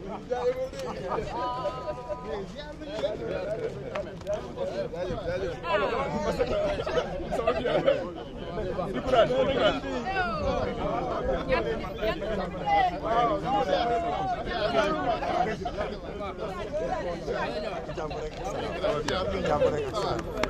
Jàmm rek jàmm rek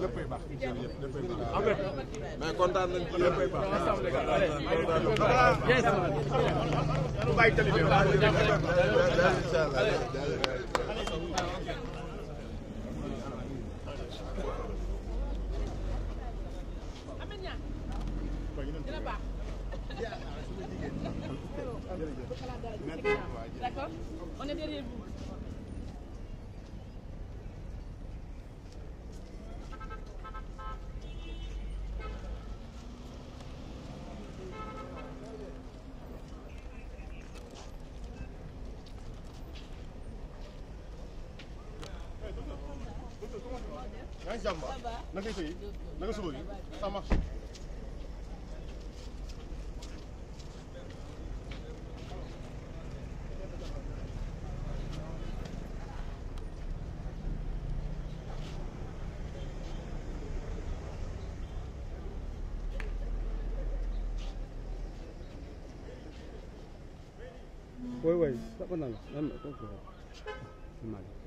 léppay baax mais kontaan nañ ci léppay baax D'accord On est derrière vous. yaa ngi jàmm na ngay tëye na nga suba bi ça marche Oui, oui, ça va, non, non, non, non, non, non,